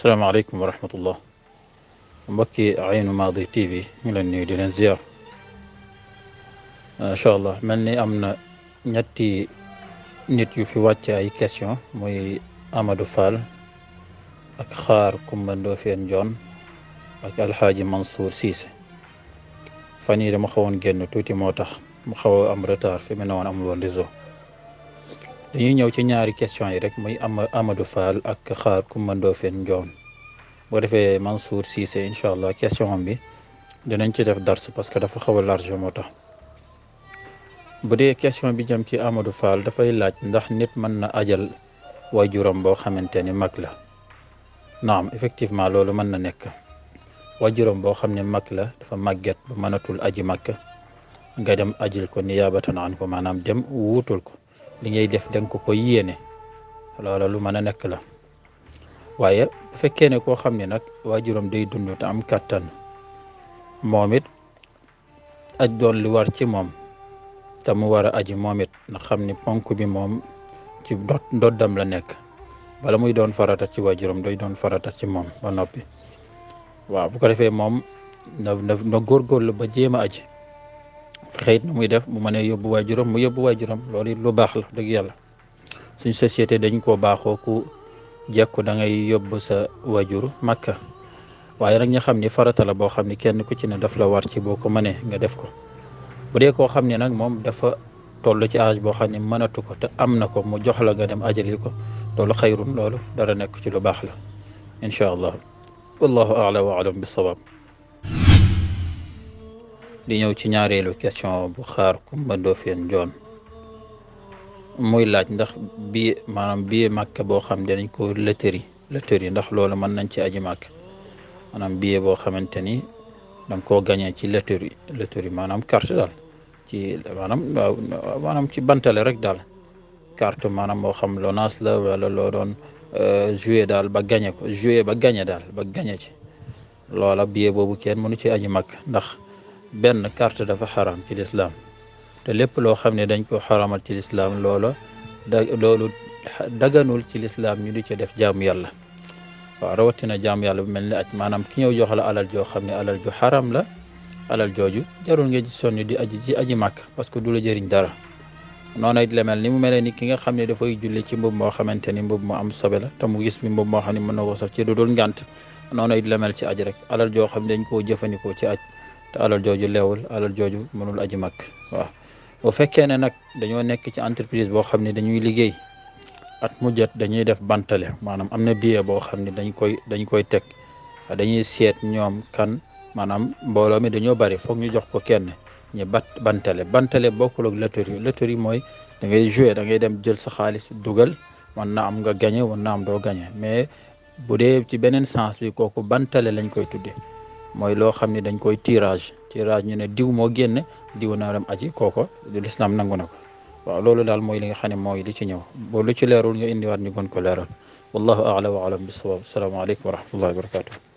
السلام عليكم ورحمة الله مبكي عين ماضي تي في إلى النيل إن شاء الله مني أمنا نتي نيت يو في واتي أي كاسيون موي أمادو فال أك خار كومبندو في أنجون أك الحاج منصور سيسي فاني دا مخاون ген توتي موتاخ مخاو أم رتار في منوان أم لون ريزو dañuy ñëw ci ñaari question yi rek mooy ama Amadou Fall ak xaar Coumba Ndoffène njoom boo defee Mansour Cissé incha allah question bi dinañ ci def dars parce que dafa xaw a large moo tax bu dee question bi jëm ci Amadou Fall dafay laaj ndax nit mën na ajal waajuram boo xamante ni mag la naam effectivement loolu mën na nekk waajuram boo xam ne mag la dafa màgget ba mënatul aji makk nga dem ajil ko niyaabatan an ko maanaam dem wuutul ko li ngay def danga ko ko yéene loola lu mën a nekk la waaye bu fekkee ne koo xam ne nag waajuram day dund te am kàttan moom it aj doon lu war ci moom te mu war a aji moomit it na xam ni ponk bi moom ci dot dam la nekk bala muy doon farata ci waajuram doy doon farata ci moom ba noppi waaw bu ko defee moom na na góorgóorlu ba jéem a aji xëyit na muy def mu mënee yóbbu waajuram mu yóbbu waajuram loolu it lu baax la dëgg yàlla suñ société dañ koo baaxoo ku jekku da ngay yóbbu sa waajur màkka waaye nag ñu xam ni farata la boo xam ni kenn ku ci ne daf la war ci boo ko mënee nga def ko bu dee koo xam ne nag moom dafa toll ci âge boo xam ne mënatu ko te am na ko mu jox la nga dem ajali ko loolu xayrun loolu dara nekk ci lu baax la incha allah wallahu alam bi di ñëw ci ñaareelu question bu xaar Kumba Ndoofeen Joon muy laaj ndax bii maanaam bii màkka boo xam ne dañ ko lëtëri lëtëri ndax loolu mën nañ ci aji màkk maanaam bii boo xamante ni danga koo gañee ci lëtëri lëtëri maanaam carte daal ci maanam maanaam ci bantale rek daal carte maanaam moo xam lonaas la wala loo doon euh, joué daal ba gañe ko ba gañe daal ba gañe ci loola billet boobu kenn mënu ci aji màkk ndax ben carte dafa haram ci lislaam te lépp loo xam ne dañ ko xaramal ci lislaam loola da daganul ci lislaam ñu di ca def jaamu yàlla waaw rawatina jaamu yàlla bu mel ni aj maanaam ki ñëw jox la alal joo xam ne alal ju xaram la alal jooju jarul nga ci sonn di aji ci aji màkk parce que du la jëriñ dara noonu it la ni mu mel ni ki nga xam ne dafay julli ci mbub moo xamante ni mbub mu am sobe la te gis bi mbub moo xam ne mën ci du ngànt noonu it la ci aj rek alal joo xam ne dañ koo jëfandikoo ci aj te alal jooju leewul alal jooju mënul aji mag waaw bu fekkee ne nag dañoo nekk ci entreprise boo xam ne dañuy liggéey at mu dañuy def bantale maanaam am na billet boo xam ne dañ koy dañ koy teg dañuy seet ñoom kan maanaam mbooloo mi dañoo bari foog ñu jox ko kenn ñu bat bantale bantale bokkul ak loterie loterie mooy da ngay jouer da ngay dem jël sa xaalis dugal mën na am nga gagné na am doo gagné mais bu dee ci beneen sens bi kooku bantale lañ koy tuddee mooy loo xam ne dañ koy tirage tirage ñu ne diw moo génn diw naa dem aji kooko lislaam nangu na ko waaw loolu daal mooy li nga xam ne mooy li ci ñëw boo lu ci leerul ñu indiwaat ñu gën ko leeral wallahu a'la wa alam bisawab asalaamaaleykum wa rahmatullahi wa barakatuh